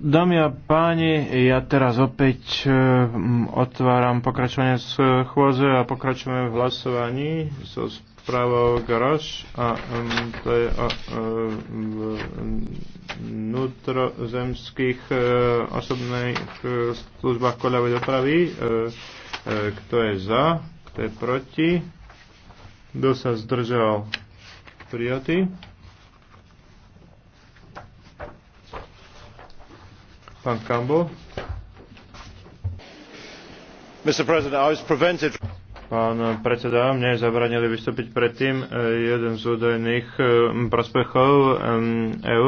Dámy a páni, ja teraz opäť eh, otváram pokračovanie z chôze a pokračujeme v hlasovaní so správou Garoš a um, to je o e, vnútrozemských e, osobných uh, službách koľavej dopravy. kto je za, kto je proti, kto sa zdržal prijatý. Pán Mr. President, I was prevented Pán predseda, mne zabránili vystúpiť predtým eh, jeden z údajných eh, prospechov EÚ eh,